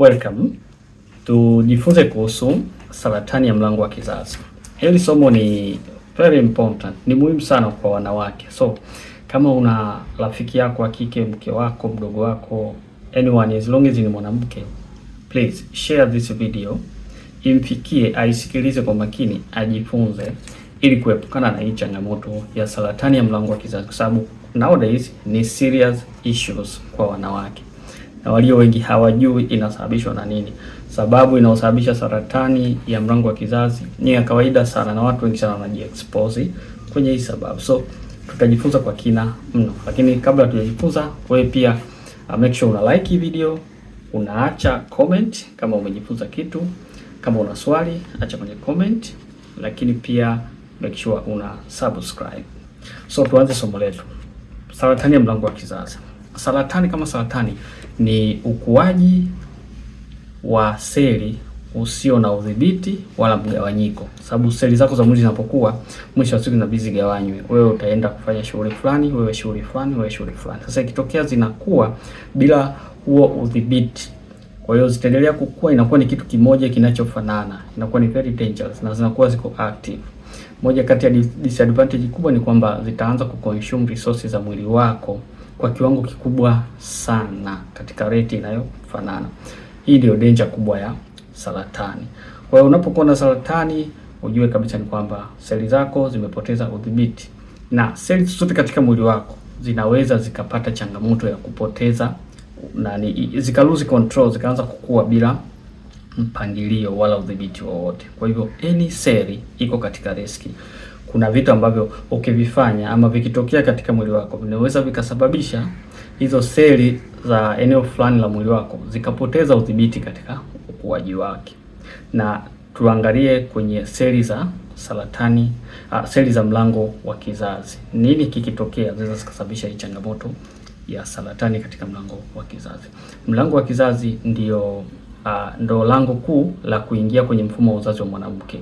Welcome. Tujifunze kuhusu saratani ya mlango wa kizazi. Hili somo ni very important, ni muhimu sana kwa wanawake. So kama una rafiki yako wa kike, mke wako, mdogo wako, anyone as long as ni mwanamke, please share this video imfikie, aisikilize kwa makini, ajifunze ili kuepukana na hii changamoto ya saratani ya mlango wa kizazi, kwa sababu nowadays ni serious issues kwa wanawake na walio wengi hawajui inasababishwa na nini. Sababu inayosababisha saratani ya mlango wa kizazi ni ya kawaida sana, na watu wengi sana wanajiexpose kwenye hii sababu, so tutajifunza kwa kina mno, lakini kabla tujajifunza, wewe pia uh, make sure una like video, unaacha comment kama umejifunza kitu. Kama una swali, acha kwenye comment, lakini pia make sure una subscribe. So tuanze somo letu, saratani ya mlango wa kizazi. Saratani kama saratani ni ukuaji wa seli usio na udhibiti wala mgawanyiko, sababu seli zako za mwili zinapokuwa, mwisho wa siku inabidi zigawanywe. Wewe utaenda kufanya shughuli fulani, wewe shughuli fulani, wewe shughuli fulani. Sasa ikitokea zinakuwa bila huo udhibiti, kwa hiyo zitaendelea kukua, inakuwa ni kitu kimoja kinachofanana, inakuwa ni very dangerous na zinakuwa ziko active. Moja kati ya disadvantage kubwa ni kwamba zitaanza kuconsume resources za mwili wako kwa kiwango kikubwa sana katika rate inayofanana. Hii ndio danger kubwa ya saratani. Kwa hiyo unapokuwa na saratani ujue kabisa ni kwamba seli zako zimepoteza udhibiti, na seli zote katika mwili wako zinaweza zikapata changamoto ya kupoteza nani, zika lose control, zikaanza kukua bila mpangilio wala udhibiti wowote. Kwa hivyo any seli iko katika riski kuna vitu ambavyo ukivifanya ama vikitokea katika mwili wako vinaweza vikasababisha hizo seli za eneo fulani la mwili wako zikapoteza udhibiti katika ukuaji wake. Na tuangalie kwenye seli za saratani, uh, seli za mlango wa kizazi. Nini kikitokea zinaweza zikasababisha hii changamoto ya saratani katika mlango wa kizazi? Mlango wa kizazi ndio, uh, ah, ndo lango kuu la kuingia kwenye mfumo wa uzazi wa mwanamke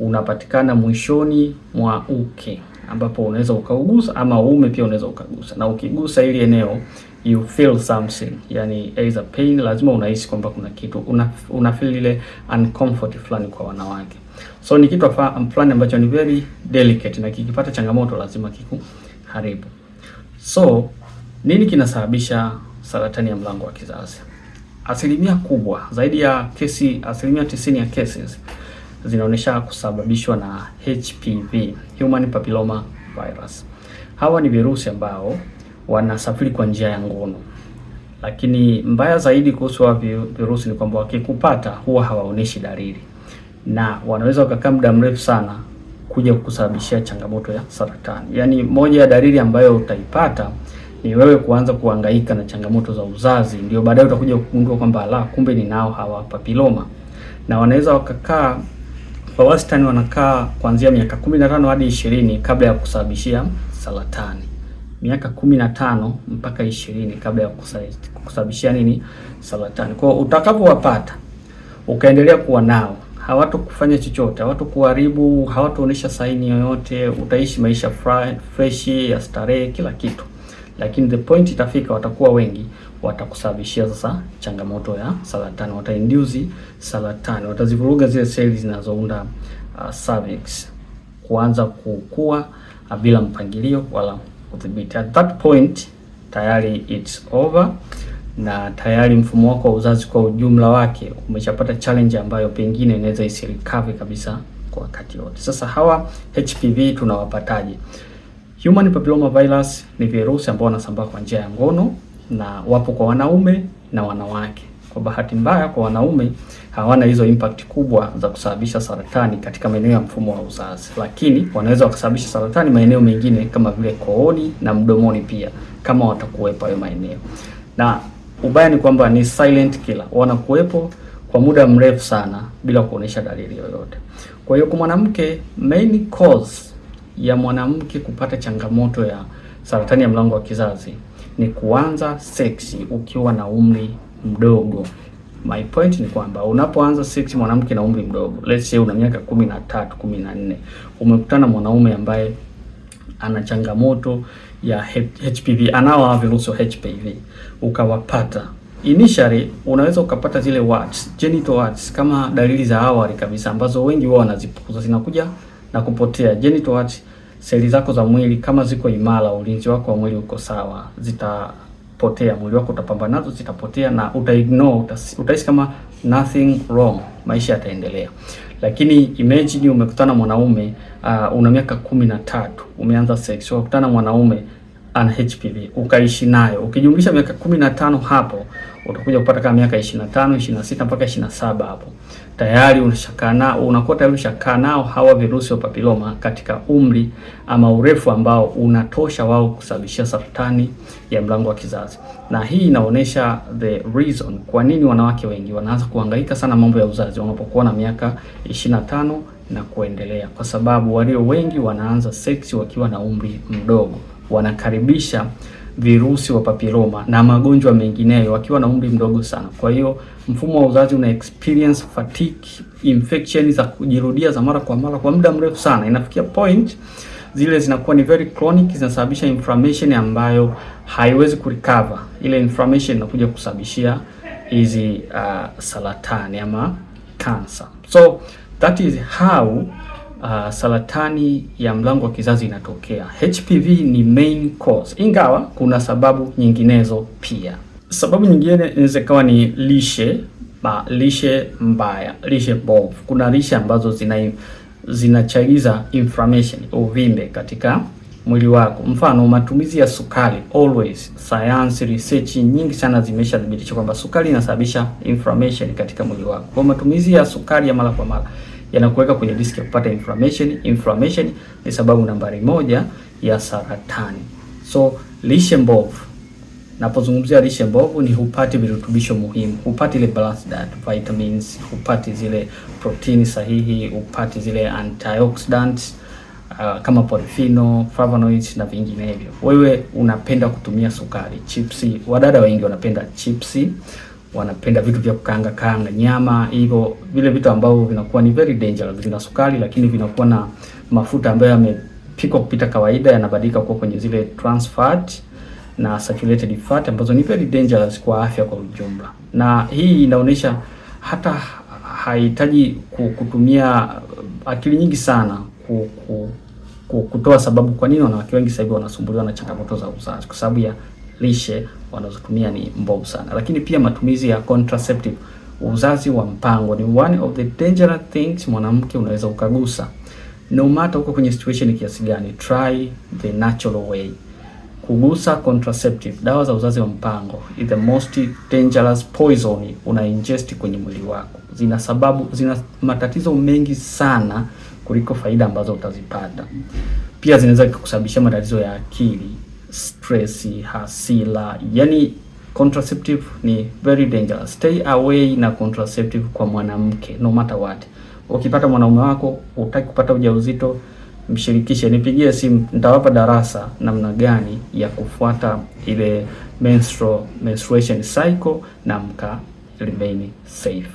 unapatikana mwishoni mwa uke ambapo unaweza ukaugusa ama uume pia unaweza ukagusa, na ukigusa ili eneo you feel something, yani either pain, lazima unahisi kwamba kuna kitu una, una feel ile uncomfort fulani kwa wanawake. So ni kitu fulani ambacho ni very delicate na kikipata changamoto lazima kikuharibu. So nini kinasababisha saratani ya mlango wa kizazi? Asilimia kubwa zaidi ya kesi, asilimia tisini ya cases zinaonyesha kusababishwa na HPV, Human Papilloma Virus. Hawa ni virusi ambao wanasafiri kwa njia ya ngono, lakini mbaya zaidi kuhusu hawa virusi ni kwamba wakikupata huwa hawaonyeshi dalili na wanaweza wakakaa muda mrefu sana kuja kukusababishia changamoto ya saratani. Yaani, moja ya dalili ambayo utaipata ni wewe kuanza kuangaika na changamoto za uzazi, ndio baadaye utakuja kugundua kwamba la, kumbe ninao hawa papiloma, na wanaweza wakakaa kwa wastani wanakaa kuanzia miaka 15 hadi 20 kabla ya kusababishia saratani. Miaka 15 mpaka 20 kabla ya kusababishia nini? Saratani. Kwa utakapowapata ukaendelea kuwa nao, kufanya chochote, kuharibu, hawatoonyesha saini yoyote, utaishi maisha fresh ya starehe, kila kitu, lakini the point itafika, watakuwa wengi watakusababishia sasa changamoto ya saratani, induce saratani, watazivuruga zile seli zinazounda uh, cervix kuanza kukua uh, bila mpangilio wala kudhibiti. At that point tayari it's over na tayari mfumo wako wa uzazi kwa ujumla wake umeshapata challenge ambayo pengine inaweza isirecover kabisa kwa wakati wote. Sasa hawa HPV tunawapataje? Human papilloma virus ni virusi ambao wanasambaa kwa njia ya ngono na wapo kwa wanaume na wanawake. Kwa bahati mbaya, kwa wanaume hawana hizo impact kubwa za kusababisha saratani katika maeneo ya mfumo wa uzazi, lakini wanaweza wakasababisha saratani maeneo mengine kama vile kooni na mdomoni pia, kama watakuwepo hayo maeneo. Na ubaya ni kwamba ni silent killer, wanakuwepo kwa muda mrefu sana bila kuonyesha dalili yoyote. Kwa hiyo kwa mwanamke, main cause ya mwanamke kupata changamoto ya saratani ya mlango wa kizazi ni kuanza seksi ukiwa na umri mdogo. My point ni kwamba unapoanza seksi mwanamke na umri mdogo, let's say una miaka kumi na tatu, kumi na nne, umekutana mwanaume ambaye ana changamoto ya HPV, anao virusi HPV, ukawapata initially unaweza ukapata zile warts, genital warts kama dalili za awali kabisa ambazo wengi wao wanazipuuza, zinakuja na kupotea. Genital warts seli zako za mwili kama ziko imara, ulinzi wako wa mwili uko sawa, zitapotea. Mwili wako utapambana nazo, zitapotea na utaignore, utahisi kama nothing wrong, maisha yataendelea. Lakini imagine umekutana mwanaume uh, una miaka kumi na tatu umeanza sex, ukutana mwanaume ana HPV ukaishi nayo, ukijumlisha miaka kumi na tano hapo utakuja kupata kama miaka 25 26 mpaka 27. Hapo tayari unashakana unakuwa tayari ushakaa nao hawa virusi vya papiloma katika umri ama urefu ambao unatosha wao kusababishia saratani ya mlango wa kizazi, na hii inaonyesha the reason kwa nini wanawake wengi wanaanza kuhangaika sana mambo ya uzazi wanapokuwa na miaka 25 na kuendelea, kwa sababu walio wengi wanaanza seksi wakiwa na umri mdogo wanakaribisha virusi wa papiloma na magonjwa mengineyo wakiwa na umri mdogo sana. Kwa hiyo mfumo wa uzazi una experience fatigue, infection za kujirudia za mara kwa mara kwa muda mrefu sana, inafikia point zile zinakuwa ni very chronic, zinasababisha inflammation ambayo haiwezi kurecover. Ile inflammation inakuja kusababishia hizi uh, saratani ama cancer. So that is how uh, saratani ya mlango wa kizazi inatokea. HPV ni main cause, ingawa kuna sababu nyinginezo pia. Sababu nyingine inaweza ikawa ni lishe ba, lishe mbaya, lishe bovu. Kuna lishe ambazo zina zinachagiza inflammation, uvimbe katika mwili wako. Mfano, matumizi ya sukari always. Science research nyingi sana zimeshathibitisha kwamba sukari inasababisha inflammation katika mwili wako. Kwa matumizi ya sukari ya mara kwa mara yanakuweka kwenye diski ya kupata inflammation. Inflammation ni sababu nambari moja ya saratani. So lishe mbovu, napozungumzia lishe mbovu ni hupati virutubisho muhimu, hupati ile balanced diet, vitamins, hupati zile protini sahihi, hupati zile antioxidants Uh, kama polifino, flavonoids na vinginevyo. Wewe unapenda kutumia sukari, chipsi. Wadada wengi wanapenda chipsi wanapenda vitu vya kukaanga kaanga, nyama, hivyo vile vitu ambavyo vinakuwa ni very dangerous, vina sukari lakini vinakuwa na mafuta ambayo yamepikwa kupita kawaida, yanabadilika kuwa kwenye zile trans fat na saturated fat ambazo ni very dangerous kwa afya kwa ujumla, na hii inaonyesha hata hahitaji kutumia akili nyingi sana kutoa sababu kwa nini wanawake wengi sasa hivi wanasumbuliwa na changamoto za uzazi kwa sababu ya lishe wanazotumia ni mbovu sana. Lakini pia matumizi ya contraceptive, uzazi wa mpango ni one of the dangerous things mwanamke unaweza ukagusa. No matter uko kwenye situation kiasi gani, try the natural way. Kugusa contraceptive, dawa za uzazi wa mpango is the most dangerous poison una ingest kwenye mwili wako. Zina sababu, zina matatizo mengi sana kuliko faida ambazo utazipata. Pia zinaweza kusababisha matatizo ya akili stress, hasila. Yani contraceptive ni very dangerous. Stay away na contraceptive kwa mwanamke no matter what. Ukipata mwanaume wako utaki kupata ujauzito, mshirikishe, nipigie simu, nitawapa darasa namna gani ya kufuata ile menstrual, menstruation cycle na mka remain safe.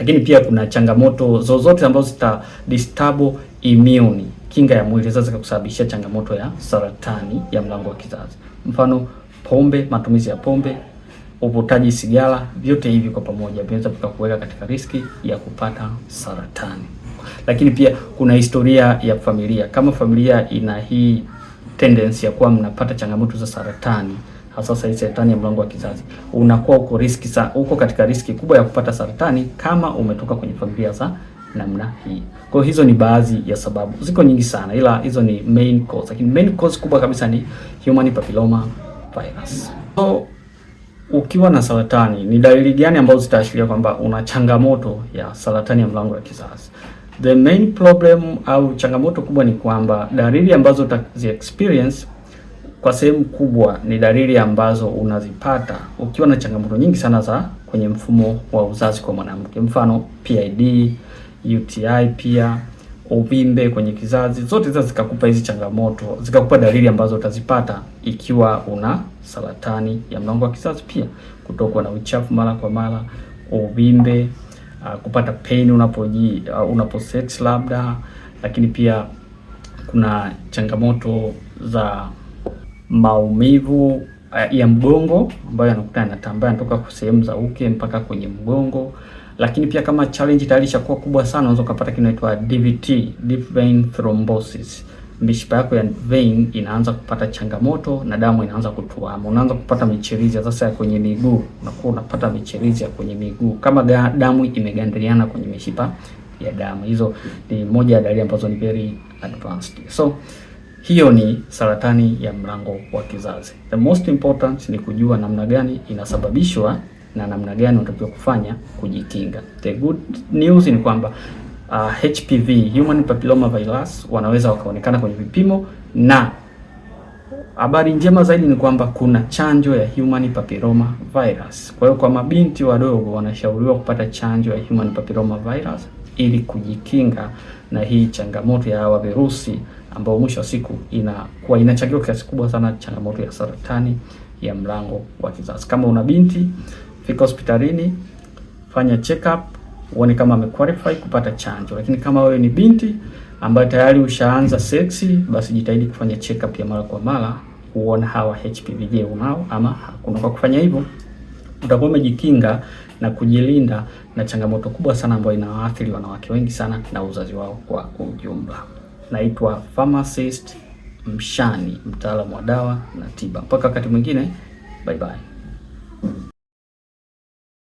Lakini pia kuna changamoto zozote ambazo zita disturb immune kinga ya mwili zaweza kusababisha changamoto ya saratani ya mlango wa kizazi. Mfano pombe, matumizi ya pombe, uvutaji sigara, vyote hivi kwa pamoja vinaweza vikakuweka katika riski ya kupata saratani. Lakini pia kuna historia ya familia. Kama familia ina hii tendency ya kuwa mnapata changamoto za saratani, hasa sasa saratani ya mlango wa kizazi, unakuwa uko riski sa, uko katika riski kubwa ya kupata saratani kama umetoka kwenye familia za namna hii. Kwa hizo ni baadhi ya sababu, ziko nyingi sana, ila hizo ni main cause, lakini main cause kubwa kabisa ni human papilloma virus. So ukiwa na saratani, ni dalili gani ambazo zitaashiria kwamba una changamoto ya saratani ya mlango wa kizazi? The main problem au changamoto kubwa ni kwamba dalili ambazo utazi experience kwa sehemu kubwa ni dalili ambazo unazipata ukiwa na changamoto nyingi sana za kwenye mfumo wa uzazi kwa mwanamke, mfano PID UTI pia uvimbe kwenye kizazi, zote hizo zikakupa hizi changamoto, zikakupa dalili ambazo utazipata ikiwa una saratani ya mlango wa kizazi, pia kutokwa na uchafu mara kwa mara, uvimbe, uh, kupata pain unapoji uh, unaposex labda, lakini pia kuna changamoto za maumivu ah, ya mgongo ambayo yanakuta yanatambaa yanatoka sehemu za uke mpaka kwenye mgongo lakini pia kama challenge tayari ishakuwa kubwa sana, unaweza kupata kinaitwa DVT, deep vein thrombosis. Mishipa yako ya vein inaanza kupata changamoto na damu inaanza kutuama, unaanza kupata michirizi sasa ya kwenye miguu, unakuwa unapata michirizi ya kwenye miguu kama ga, damu imegandiliana kwenye mishipa ya damu. Hizo ni moja ya dalili ambazo ni very advanced, so hiyo ni saratani ya mlango wa kizazi. The most important ni kujua namna gani inasababishwa na namna gani unatakiwa kufanya kujikinga. The good news ni kwamba uh, HPV human papilloma virus wanaweza wakaonekana kwenye vipimo, na habari njema zaidi ni kwamba kuna chanjo ya human papilloma virus. Kwa hiyo kwa mabinti wadogo wanashauriwa kupata chanjo ya human papilloma virus ili kujikinga na hii changamoto ya hawa virusi ambao mwisho wa siku inakuwa inachangia kiasi kubwa sana changamoto ya saratani ya mlango wa kizazi. Kama una binti fika hospitalini, fanya check up, uone kama amequalify kupata chanjo. Lakini kama wewe ni binti ambaye tayari ushaanza seksi, basi jitahidi kufanya check up ya mara kwa mara kuona hawa HPV je, unao ama hakuna. Kwa kufanya hivyo utakuwa umejikinga na kujilinda na changamoto kubwa sana ambayo inawaathiri wanawake wengi sana na uzazi wao kwa ujumla. Naitwa pharmacist Mshani, mtaalamu wa dawa na tiba. Mpaka wakati mwingine, bye bye.